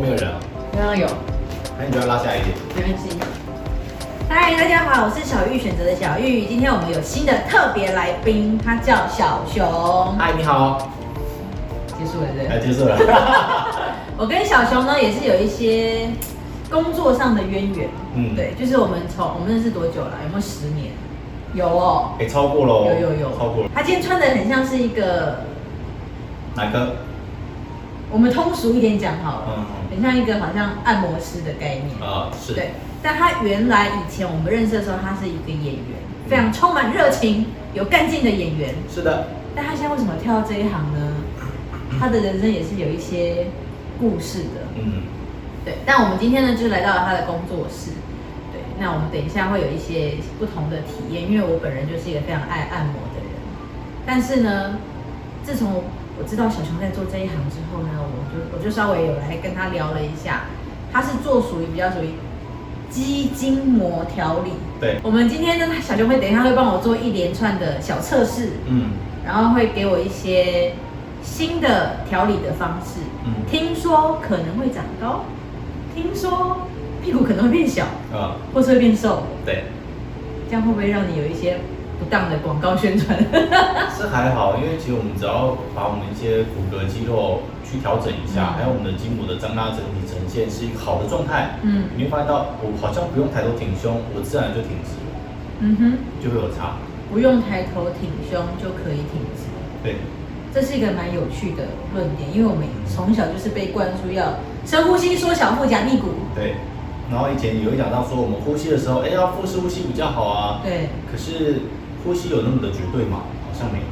沒有人啊，要有啊？剛剛有，那你就要拉下一點。沒問題。嗨，Hi, 大家好，我是小玉選擇的小玉。今天我們有新的特別來賓，他叫小熊。嗨，你好。結束了對。哎，結束了。 我跟小熊呢，也是有一些工作上的淵源。嗯，對，就是我們從我們認識多久了？有沒有十年？有哦。也、欸，超過了哦。有有有，超過了。他今天穿的很像是一個。哪個？我們通俗一點講好了。嗯。像一個好像按摩師的概念啊，oh, 是對，但他原來以前我們認識的時候，他是一個演員，嗯、非常充滿熱情、有幹勁的演員。是的，但他現在為什麼跳到這一行呢？嗯、他的人生也是有一些故事的。嗯，對。但我們今天呢，就是來到了他的工作室。對，那我們等一下會有一些不同的體驗，因為我本人就是一個非常愛按摩的人，但是呢，自從我知道小熊在做這一行之後呢。我就稍微有來跟他聊了一下，他是做屬於比較屬於肌筋膜調理。對，我們今天呢，小劉會等一下會幫我做一連串的小測試，嗯，然後會給我一些新的調理的方式。嗯。聽說可能會長高，聽說屁股可能會變小，啊，或是會變瘦。對，這樣會不會讓你有一些？不當的廣告宣傳是還好，因為其實我們只要把我們一些骨骼肌肉去調整一下，嗯、還有我們的筋膜的張拉整體呈現是一個好的狀態，嗯，你會發現到我好像不用抬頭挺胸，我自然就挺直，嗯哼，就會有差，不用抬頭挺胸就可以挺直，對，這是一個蠻有趣的論點，因為我們從小就是被灌輸要深呼吸，縮小腹夾逆骨，對，然後以前有一講到說我們呼吸的時候，哎，要腹式呼吸比較好啊，對，可是。呼吸有那麼的絕對嗎？好像沒有。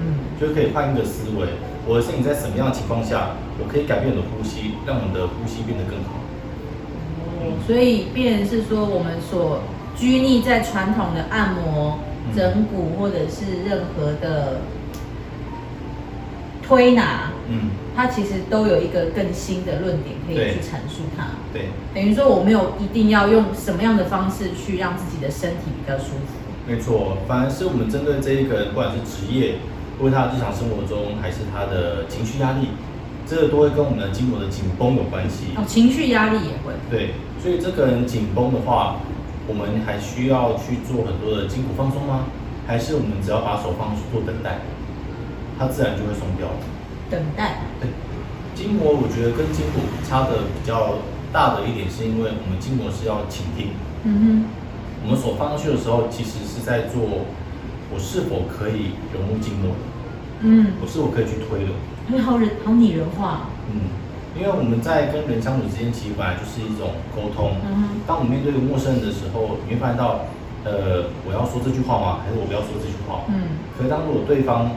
嗯，就是可以換一個思維，我的身體在什麼樣的情況下，我可以改變你的呼吸，讓我們的呼吸變得更好。哦、嗯，所以變的是說，我們所拘泥在傳統的按摩、嗯、整骨或者是任何的推拿，嗯，它其實都有一個更新的論點可以去闡述它。對。對。等於說，我沒有一定要用什麼樣的方式去讓自己的身體比較舒服。沒錯，反而是我們針對這一個人，嗯、不管是職業，或者他的日常生活中，還是他的情緒壓力，這都會跟我們的筋膜的緊繃有關係。哦，情緒壓力也會。對，所以這個人緊繃的話，我們還需要去做很多的筋骨放鬆嗎？還是我們只要把手放鬆做等待，他自然就會鬆掉？等待。對，筋膜我覺得跟筋骨差得比較大的一點，是因為我們筋膜是要傾聽。嗯哼。我們手放上去的時候，其實是在做我是否可以融入靜默的，嗯，我是否可以去推的，會好人好擬人化，嗯，因為我們在跟人相處之間，其實本來就是一種溝通，嗯哼當我們面對陌生人的時候，你會發現到，呃，我要說這句話嗎？還是我不要說這句話？嗯。可是當如果對方，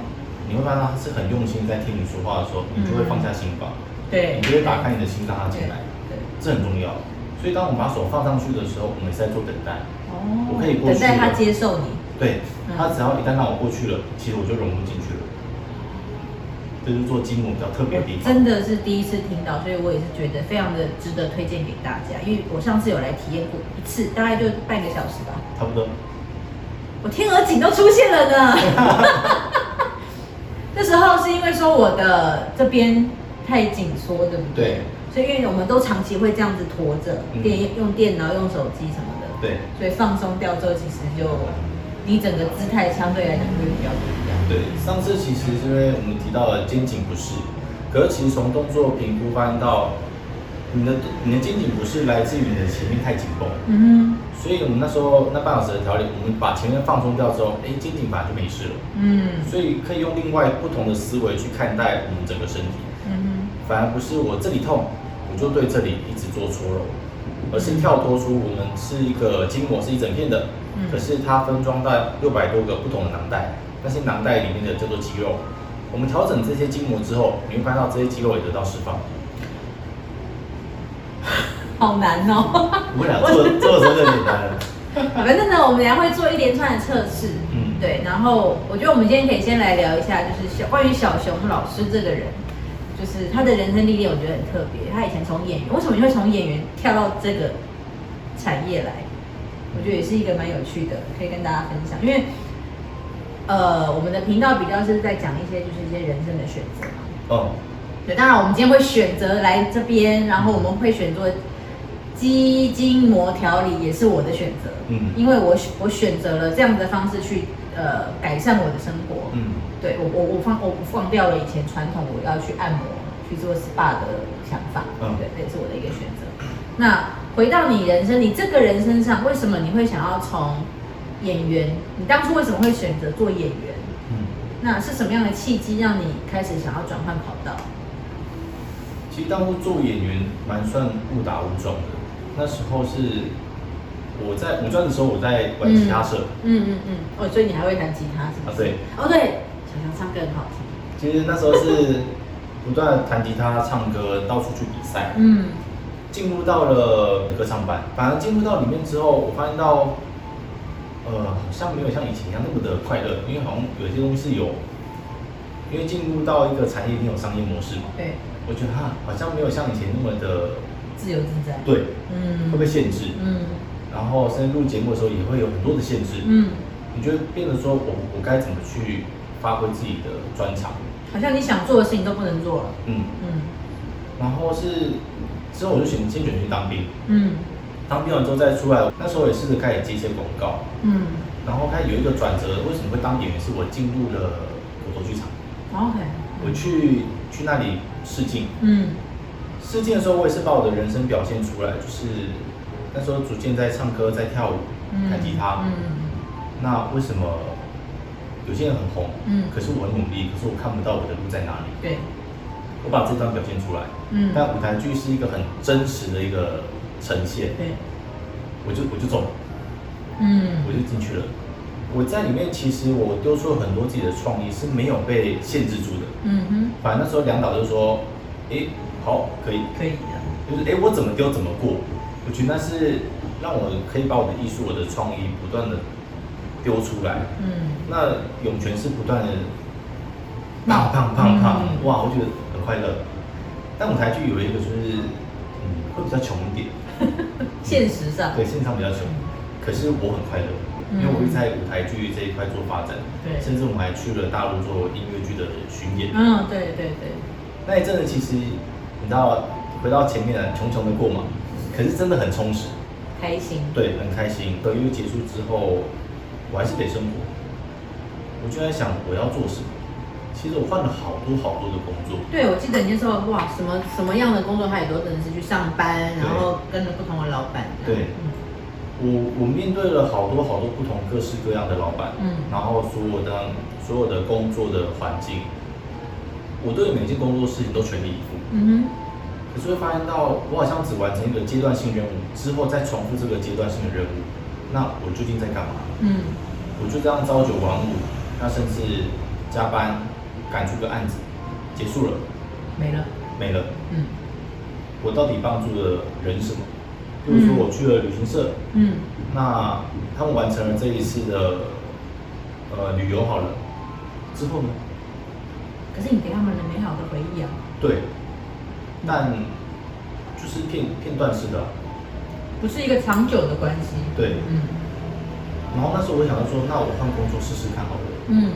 你會發現他是很用心在聽你說話的時候，你就會放下心防、嗯，對，你就會打開你的心讓他進來，對對，這很重要。所以當我們把手放上去的時候，我們是在做等待。Oh, 我可以過去等待他接受你。對，他只要一旦讓我過去了，嗯、其實我就融入進去了。這是做筋膜比較特別的地方。真的是第一次聽到，所以我也是覺得非常的值得推薦給大家。因為我上次有來體驗過一次，大概就半個小時吧，差不多。我天鵝頸都出現了呢。 那時候是因為說我的這邊太緊縮，對不對？對。所以因為我們都長期會這樣子駝着，電、嗯、用電腦、用手機什麼的。對，所以放鬆掉之後，其實就你整個姿態相對來講會比較不一樣。對，上次其實是因為我們提到了肩頸不適，可是其實從動作評估發現到你的你的肩頸不適來自於你的前面太緊繃。嗯哼。所以我們那時候那半小時的調理，我們把前面放鬆掉之後，哎、欸，肩頸反而就沒事了。嗯。所以可以用另外不同的思維去看待我們整個身體。嗯哼。反而不是我這裡痛，我就對這裡一直做搓揉。而是跳脫出，我們、嗯、是一個筋膜，是一整片的，嗯、可是它分裝在六百多個不同的囊袋，那些囊袋裡面的叫做肌肉。我們調整這些筋膜之後，你會看到這些肌肉也得到釋放。好難哦， 我們倆做坐在這裡，反正呢，我們倆會做一連串的測試，嗯，對。然後我覺得我們今天可以先來聊一下，就是小關於小熊老師這個人。就是他的人生歷練，我覺得很特別。他以前從演員，為什麼你會從演員跳到這個產業來？我覺得也是一個蠻有趣的，可以跟大家分享。因為，呃，我們的頻道比較是在講一些就是一些人生的選擇嘛。哦，oh. 對，當然我們今天會選擇來這邊，然後我們會選擇肌筋膜調理，也是我的選擇。嗯。因為我我選擇了這樣子的方式去呃改善我的生活。嗯。對，我我我放，我放掉了以前傳統我要去按摩去做 SPA 的想法，嗯，對，這也是我的一個選擇。那回到你人生，你這個人身上，為什麼你會想要從演員？你當初為什麼會選擇做演員？嗯，那是什麼樣的契機讓你開始想要轉換跑道？其實當初做演員蠻算誤打誤撞的。那時候是我在五專的時候，我在玩吉他社。嗯嗯嗯。哦，嗯，嗯嗯 Oh, 所以你還會彈吉他是嗎？啊，對。哦，Oh, 對。唱歌很好聽。其實那時候是不斷彈吉他、唱歌，到處去比賽。嗯。進入到了歌唱班，反而進入到裡面之後，我發現到，呃，好像沒有像以前一樣那麼的快樂，因為好像有些東西是有，因為進入到一個產業，一定有商業模式嘛。對 Okay。我覺得他好像沒有像以前那麼的自由自在。對。嗯。會被限制？嗯。然後，甚至錄節目的時候也會有很多的限制。嗯。你覺得變得說我，我我該怎麼去？發揮自己的專長，好像你想做的事情都不能做了。嗯嗯，嗯，然後是之後我就選先選去當兵。嗯，當兵完之後再出來，那時候我也試着開始接一些廣告。嗯，然後開始有一個轉折，為什麼會當演員？是我進入了骨頭劇場。哦、OK，嗯，我去去那裡試鏡。嗯，試鏡的時候我也是把我的人生表現出來，就是那時候逐漸在唱歌，在跳舞，彈吉他。嗯，嗯，那為什麼？有些人很紅，嗯、可是我很努力，可是我看不到我的路在哪裡。對，我把這張表現出來，嗯、但舞台劇是一個很真實的一個呈現。嗯、我就我就走了，嗯，我就進去了。我在裡面，其實我丟出了很多自己的創意，是沒有被限制住的。嗯哼，反正那時候梁導就說，哎、欸，好，可以，可以就是哎、欸，我怎麼丟怎麼過，我覺得那是讓我可以把我的藝術、我的創意不斷的。丟出來，嗯，那湧泉是不斷的胖胖胖胖，嗯嗯嗯、哇，我覺得很快樂。但舞台劇有一個就是，會、嗯、比較窮一點，現實上、嗯、對，現場比較窮，嗯、可是我很快樂，嗯、因為我會在舞台劇這一塊做發展，對、嗯，甚至我們還去了大陸做音樂劇的巡演。嗯，對對對，對那一陣子其實，你知道回到前面了、啊，窮窮的過嘛，可是真的很充實，開心，對，很開心。可等於結束之後。我還是得生活，我就在想我要做什麼。其實我換了好多好多的工作。對，我記得你說哇，什麼什麼樣的工作？還有很多真的是去上班，對然後跟着不同的老闆。對，嗯、我我面對了好多好多不同各式各樣的老闆，嗯、然後所有的所有的工作的環境，我對每件工作事情都全力以赴。嗯哼可是會發現到我好像只完成一個階段性任務之後，再重複這個階段性的任務。那我最近在幹嘛？嗯，我就這樣朝九晚五，那甚至加班趕出個案子，結束了，沒了，沒了，嗯，我到底幫助了人什麼？就是說我去了旅行社，嗯，那他們完成了這一次的呃旅遊好了，之後呢？可是你給他們的美好的回憶啊。對，但就是片片段式的啊。不是一個長久的關係。對，嗯。然後，那時候我想要說，那我換工作試試看，好了。嗯。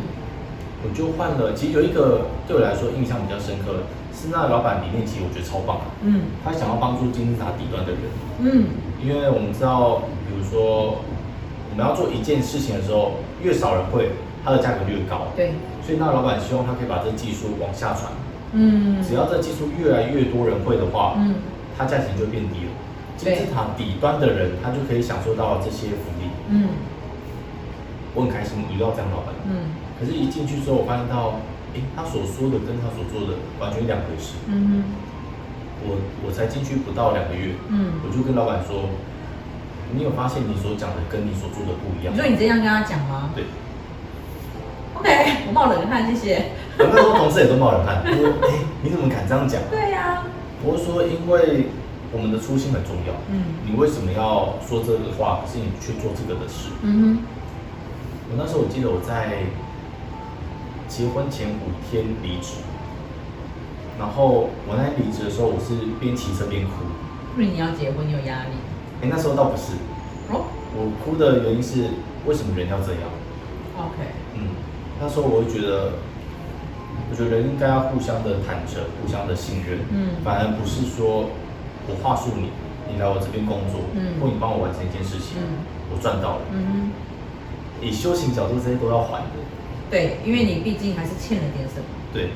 我就換了，其實有一個對我來說印象比較深刻的，是那老闆理念，其實我覺得超棒。嗯。他想要幫助金字塔底端的人。嗯。因為我們知道，比如說，我們要做一件事情的時候，越少人會，它的價格越高。對，嗯。所以，那老闆希望他可以把這技術往下傳。嗯。只要這技術越來越多人會的話，嗯，它價錢就變低了。金字塔對底端的人，他就可以享受到這些福利。嗯，我很開心遇到這樣老闆。嗯，可是一進去之後，我發現到，欸，他所說的跟他所做的完全兩回事。嗯，哼我我才進去不到兩個月，嗯，我就跟老闆說，你有發現你所講的跟你所做的不一樣？所以你，你這樣跟他講嗎？對。OK，我冒冷汗，謝謝。很多同事也都冒冷汗， 我說，哎，欸，你怎麼敢這樣講？對呀，啊。我是說，因為。我們的初心很重要。嗯，你為什麼要說這個話？可是你去做這個的事。嗯哼。我那時候我記得我在結婚前五天離職，然後我那天離職的時候，我是邊騎車邊哭。不是你要結婚，你有壓力？哎、欸，那時候倒不是。哦。我哭的原因是，為什麼人要這樣？OK。嗯，那時候我會覺得，我覺得人應該要互相的坦誠，互相的信任。嗯。反而不是說。我話術你，你來我這邊工作，或你幫我完成一件事情，我賺到了。嗯，以修行角度，這些都要還的。對，因為你畢竟還是欠了點什麼。對，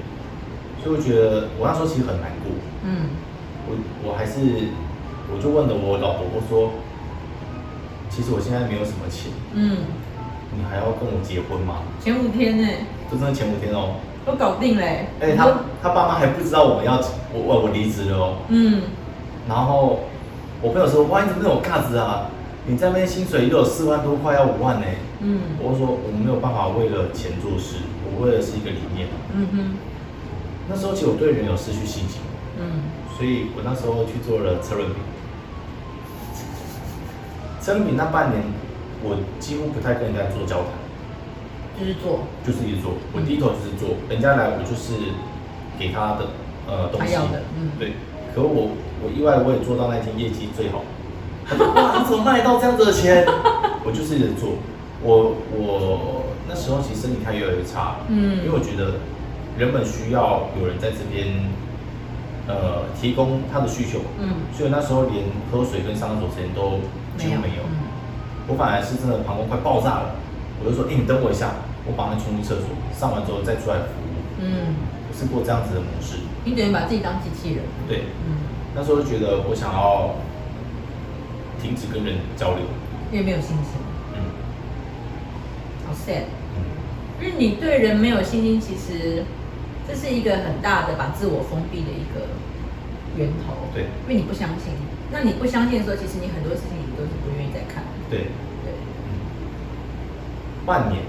所以我覺得我那時候其實很難過。嗯。我我還是我就問了我老婆我說，其實我現在沒有什麼錢。嗯。你還要跟我結婚嗎？前五天呢。就真的前五天哦。都搞定了。誒，他他爸媽還不知道我們要我我我離職了哦。嗯。然後我朋友說：“哇，你怎麼有咖子啊？你在那邊薪水也有四萬多塊，要五萬呢，欸。嗯”我說我沒有辦法為了錢做事，我為了是一個理念。嗯哼那時候其實我對人有失去信心。嗯。所以我那時候去做了車輪餅。車輪餅那半年，我幾乎不太跟人家做交談。一直做。就是一直做，我低頭就是做，嗯、人家來我就是給他的呃東西。嗯、對，可我。我意外，我也做到那一天業績最好。他說：“哇，你怎麼賣到這樣子的錢？” 我就是一直做，我我那時候其實身體太越來越差嗯，因為我覺得人本需要有人在這邊，呃，提供他的需求，嗯，所以那時候連喝水跟上廁所時間都幾乎沒有。沒有嗯、我反而是真的膀胱快爆炸了，我就說：“哎、欸，你等我一下，我幫他衝進廁所，上完之後再出來服務。”嗯，是過這樣子的模式。你等於把自己當機器人。對，嗯。那時候覺得我想要停止跟人交流，因為沒有信心。嗯，好 sad。嗯，因為你對人沒有信心，其實這是一個很大的把自我封閉的一個源頭。對，因為你不相信。那你不相信的時候，其實你很多事情你都是不願意再看。對。對。半年，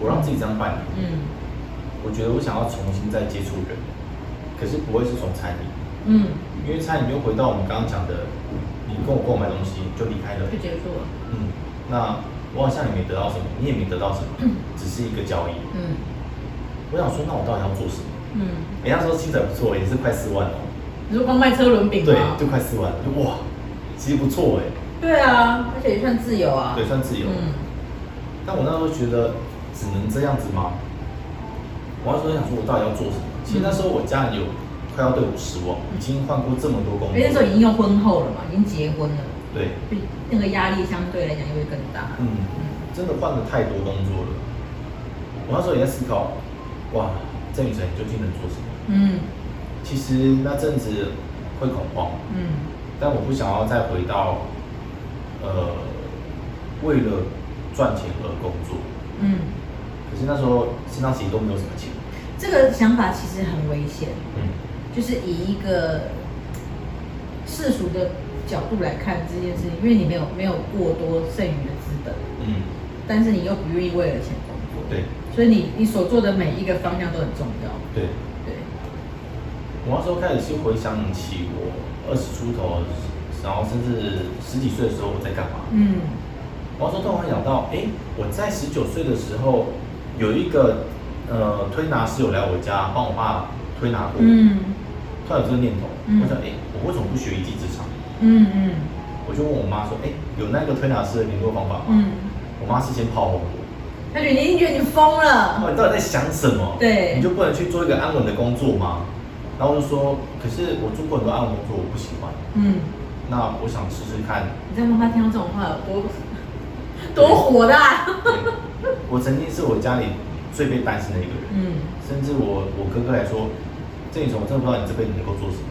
我讓自己這樣半年。嗯。我覺得我想要重新再接觸人，可是不會是從餐飲。嗯，因為餐你又回到我們剛剛講的，你跟我購買東西就離開了、欸，就結束了。嗯，那我好像也沒得到什麼，你也沒得到什麼，嗯、只是一個交易。嗯，我想說，那我到底要做什麼？嗯，人家說七仔不錯、欸，也是快四萬哦、喔。如果賣車輪餅？對，就快四萬，哇，其實不錯哎、欸。對啊，而且也算自由啊。對，算自由。嗯、但我那時候覺得只能這樣子嗎？我還說想說我到底要做什麼？其實那時候我家人有。嗯快要對我失望，已經換過這麼多工作了。那時候已經要婚後了嘛，已經結婚了。對，那個壓力相對來講就會更大。嗯，嗯，真的換了太多工作了。我那時候也在思考，哇，鄭宇辰你究竟能做什麼？嗯，其實那陣子會恐慌。嗯，但我不想要再回到，呃，為了賺錢而工作。嗯，可是那時候身上其實都沒有什麼錢。這個想法其實很危險。嗯。就是以一個世俗的角度來看這件事情，因為你沒有沒有過多剩餘的資本，嗯，但是你又不願意為了錢，對，所以你你所做的每一個方向都很重要，對對。對我要說開始是回想起我二十出頭，然後甚至十幾歲的時候我在幹嘛，嗯，我要說突然想到，哎，我在十九歲的時候有一個呃推拿室友來我家幫我爸推拿過，嗯。突然有這個念頭，嗯、我想，哎、欸，我為什麼不學一技之長？嗯嗯，嗯我就問我媽說，哎、欸，有那個推拿師的聯絡方法嗎？嗯、我媽是先跑火她覺得你，她覺得你瘋了，你到底在想什麼？對，你就不能去做一個安穩的工作嗎？然後我就說，可是我做過很多安穩工作，我不喜歡。嗯，那我想試試看。你知道媽媽聽到這種話有多，多多火大，啊我。我曾經是我家裡最被擔心的一個人。嗯，甚至我我哥哥來說。所以你我，真的不知道你這輩子能夠做什麼。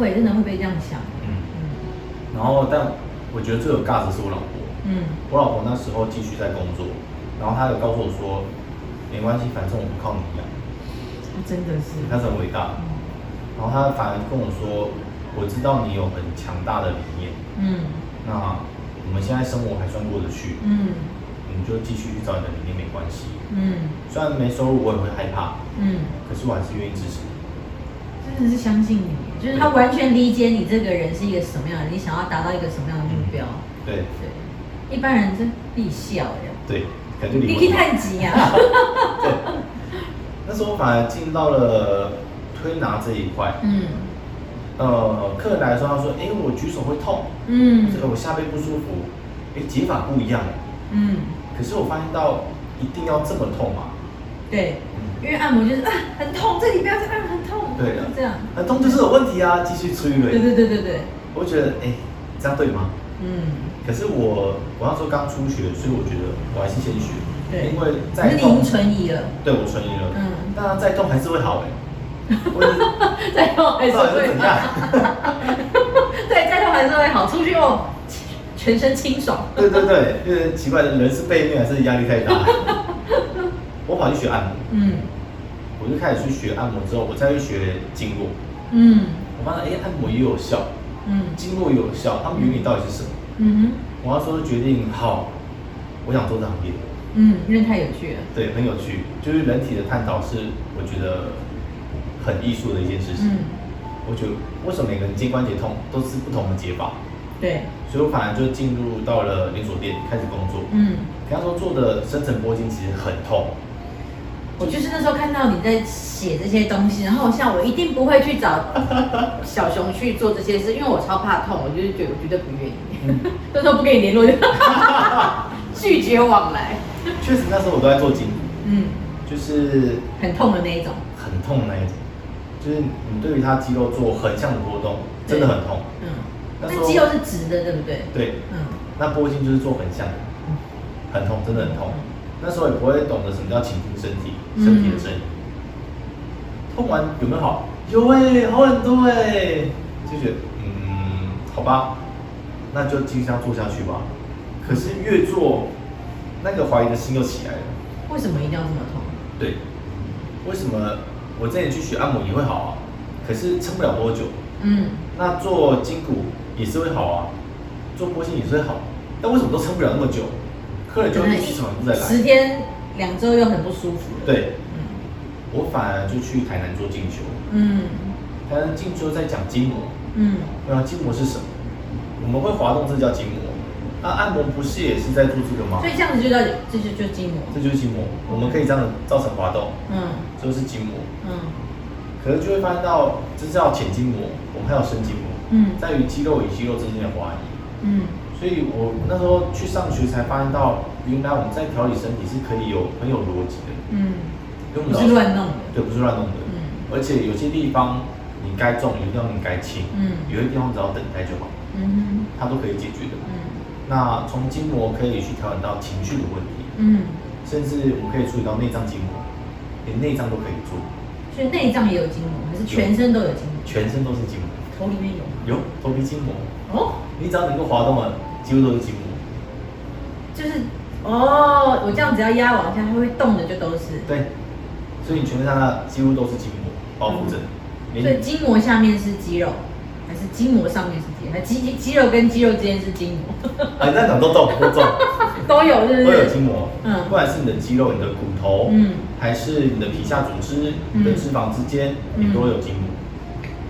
會，真的會被這樣想。嗯。嗯。然後，但我覺得最有尬的是我老婆。嗯。我老婆那時候繼續在工作，然後她就告訴我說：“沒關係，反正我不靠你養、啊。啊”她真的是。那是很偉大。嗯。然後她反而跟我說：“我知道你有很強大的理念。嗯。那我們現在生活還算過得去。嗯。你就繼續去找你的理念，沒關係。嗯。雖然沒收入，我也會害怕。嗯。可是我還是願意支持真的是相信你，就是他完全理解你這個人是一個什麼樣的，對你想要達到一個什麼樣的目標。對對，一般人是必笑的。對，感覺你太急啊。 對，那時候我反而進到了推拿這一塊。嗯。呃，客人來說，他說：“哎、欸，我舉手會痛。”嗯。這個我下背不舒服，哎、欸，解法不一樣。嗯。可是我發現到一定要這麼痛嗎、啊？對，因為按摩就是啊，很痛，這裡不要再按。對的，很痛就是有問題啊，繼續吹了。對對對對對，我覺得哎、欸，這樣對嗎？嗯。可是我我那時候剛出學，所以我覺得我還是先學，對因為再痛。因為你已經存疑了。對，我存疑了。嗯，那再痛還是會好哎。哈哈哈。再痛，哎，到底是會怎樣？對，再痛還是會好，出去哦，全身清爽。 對對對，因為奇怪的人是被虐還是壓力太大？哈哈哈。我跑去學按摩。嗯。我就開始去學按摩之後，我再去學經絡。嗯，我發現哎、欸，按摩也有效。嗯，經絡也有效，它們原理到底是什麼？嗯，嗯哼，我要說決定好，我想做這行業。嗯，因為太有趣了。對，很有趣，就是人體的探討是我覺得很藝術的一件事情。嗯，我覺得為什麼每個人肩關節痛都是不同的解法？對，所以我反而就進入到了連鎖店開始工作。嗯，比方說做的深層撥筋其實很痛。我就是那時候看到你在寫這些東西，然後像我一定不會去找小熊去做這些事， 因為我超怕痛，我就是覺得我覺得不願意。嗯、 那時候不跟你聯絡， 拒絕往來。確實，那時候我都在做筋，嗯，就是很痛的那一種，很痛的那一種，就是你對於他肌肉做橫向的撥動，真的很痛，嗯。那肌肉是直的，對不對？對，嗯。那撥筋就是做橫向，很痛，真的很痛。那時候也不會懂得什麼叫傾聽身體，身體的聲音，嗯、痛完有沒有好？有哎、欸，好很多哎、欸，就覺得嗯，好吧，那就繼續做下去吧。可是越做，那個懷疑的心又起來了。為什麼一定要這麼痛？對，為什麼我之前去學按摩也會好啊？可是撐不了多久。嗯。那做筋骨也是會好啊，做撥筋也是會好，但為什麼都撐不了那麼久？個人再來十天兩周又很不舒服。對，嗯，我反而就去台南做進修。嗯，台南進修在講筋膜。嗯，對啊，筋膜是什麼？我們會滑動，這叫筋膜。那按摩不是也是在做這個嗎？所以這樣子就叫，這就筋膜。這就是筋膜，我們可以這樣造成滑動。嗯，這是筋膜。嗯，可是就會發現到，這叫淺筋膜，我們還有深筋膜。嗯，在於肌肉與肌肉之間的滑移。嗯。所以我那時候去上學，才發現到，原來我們在調理身體是可以有很有邏輯的。嗯，不是亂弄。對，不是亂弄的。嗯。而且有些地方你該重，有些地方你該輕。嗯。有些地方只要等待就好。嗯哼。它都可以解決的。嗯。那從筋膜可以去調整到情緒的問題。嗯。甚至我可以處理到內臟筋膜，連內臟都可以做。所以內臟也有筋膜，還是全身都有筋膜？全身都是筋膜。頭裡面有嗎？有，頭皮筋膜。哦。你只要能夠滑動啊。幾乎都是筋膜，就是哦，我這樣只要壓往下，它會動的就都是。對，所以你全身上下幾乎都是筋膜包覆着。嗯、你所以筋膜下面是肌肉，還是筋膜上面是肌肉？肌肌肉跟肌肉之間是筋膜？哎，在哪都都, 都有是不是，都有，都有筋膜。嗯，不管是你的肌肉、你的骨頭，嗯，還是你的皮下組織、你的、嗯、脂肪之間，你、嗯、都有筋膜。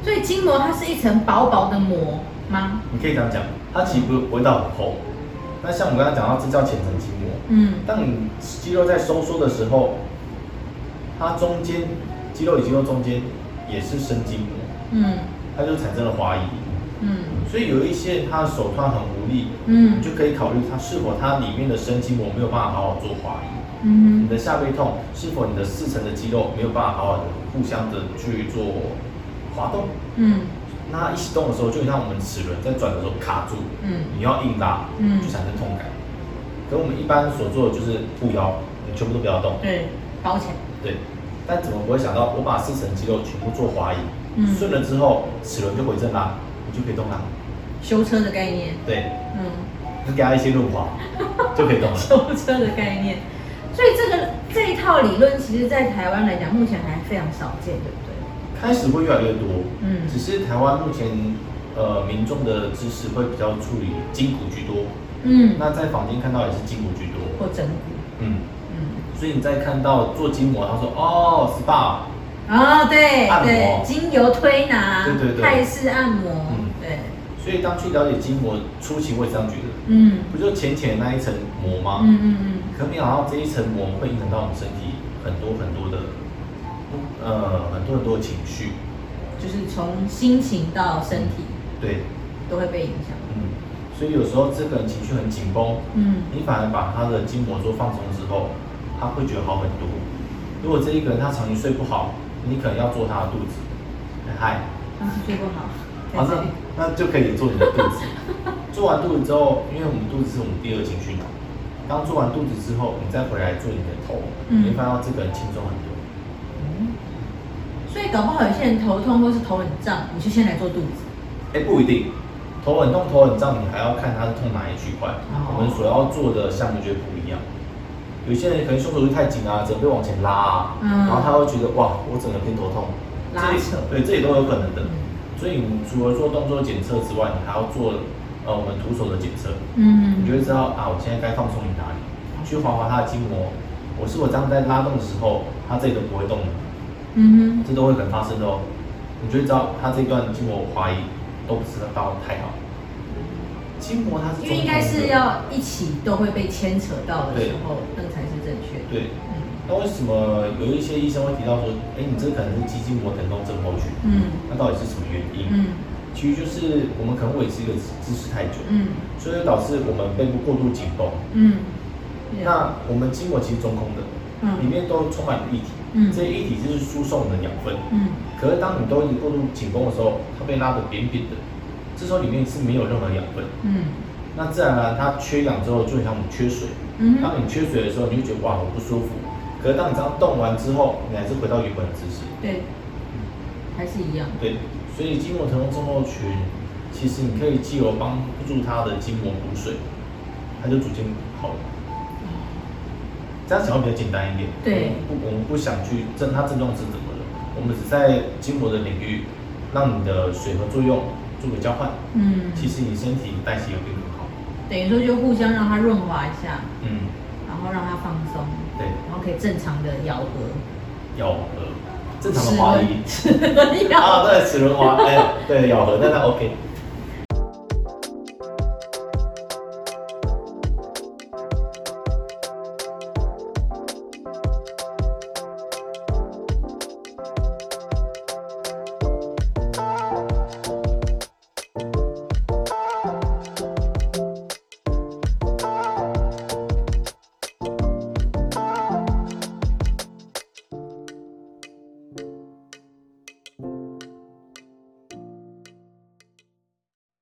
所以筋膜它是一層薄薄的膜嗎？你可以這樣講。它其實不，不會到很厚。那像我們剛剛講到，這叫淺層筋膜。嗯，當你肌肉在收縮的時候，它中間肌肉與肌肉中間也是深筋膜。嗯，它就產生了滑移。嗯，所以有一些人他的手腳很無力。嗯，你就可以考慮它是否它裡面的深筋膜沒有辦法好好做滑移。嗯哼你的下背痛是否你的四層的肌肉沒有辦法好好的互相的去做滑動？嗯。那一起動的時候，就像我們齒輪在轉的時候卡住，嗯，你要硬拉，嗯，就產生痛感。嗯、可我們一般所做的就是護腰，你全部都不要動，對、嗯，包起來，對。但怎麼不會想到，我把四層肌肉全部做滑移，嗯，順了之後，齒輪就回正啦，你就可以動啦。修車的概念。對，嗯，就給他一些潤滑， 就可以動了。修 車的概念。所以這個這一套理論，其實，在台灣來講，目前還非常少見的。開始會越來越多，嗯，只是台灣目前，呃，民眾的知識會比較處理筋骨居多，嗯，那在房間看到也是筋骨居多，或整骨。嗯嗯，所以你在看到做筋膜，他說哦，SPA，哦對，按摩，精油推拿，對對對，泰式按摩，嗯對，所以當去了解筋膜，初期會這樣覺得，嗯，不就淺淺那一層膜嗎？嗯嗯嗯，可沒想到這一層膜會影響到我們身體很多很多的。呃，很多很多情緒，就是從心情到身體，嗯、對，都會被影響。嗯，所以有時候這個人情緒很緊繃，嗯，你反而把他的筋膜做放鬆之後，他會覺得好很多。如果這一個人他長期睡不好，你可能要做他的肚子。嗨、嗯，他是、啊、睡不好。好，那那就可以做你的肚子。 做完肚子之後，因為我們肚子是我們第二情緒嘛。剛做完肚子之後，你再回來做你的頭，嗯、你發現這個人輕鬆很多。搞不好有些人頭痛或是頭很脹，你就先來做肚子、欸。不一定，頭很痛，頭很脹，你還要看他是痛哪一區塊。哦，我們所要做的項目絕不一樣。有些人可能胸鎖骨太緊啊，準備往前拉啊，嗯、然後他會覺得哇，我整個偏頭痛。拉扯，對，這裡都有可能的。所以除了做動作檢測之外，你還要做呃我們徒手的檢測。嗯嗯。你就會知道啊，我現在該放鬆於哪裡，去滑滑他的筋膜，我是否這樣在拉動的時候，他這裡都不會動嗯哼，這都會可能發生的哦。你覺得，只要他這一段筋膜懷疑都不是很到太好。筋膜它是的、嗯、因為應該是要一起都會被牽扯到的，時候那對才是正確。對，嗯、那為什麼有一些醫生會提到說，哎，你這可能是肌筋膜疼痛症候群？嗯，那到底是什麼原因？嗯，其實就是我們可能維持一個姿勢太久，嗯，所以導致我們背部過度緊繃。嗯，那我們筋膜其實中空的。嗯、裡面都充滿液體，嗯，這些液體就是輸送的養分，嗯，可是當你都一直過度緊繃的時候，它被拉得扁扁的，這時候裡面是沒有任何養分，嗯，那自然而然它缺氧之後就很像你缺水，嗯哼，當你缺水的時候，你就覺得哇，很不舒服，可是當你這樣動完之後，你還是回到原本的姿勢，對，嗯、還是一樣，對，所以筋膜疼痛症候群，其實你可以藉由幫助它的筋膜補水，它就逐漸好了。這樣講會比較簡單一點。對，不，我們不想去針它症狀是怎麼的，我們只在筋膜的領域，讓你的水合作用做個交換。嗯，其實你身體代謝也變得好。等於說就互相讓它潤滑一下。嗯。然後讓它放鬆。對，然後可以正常的咬合。咬合，正常的滑移。齒輪咬合。啊，對，齒輪滑。哎、 欸，對，咬合，那那 OK。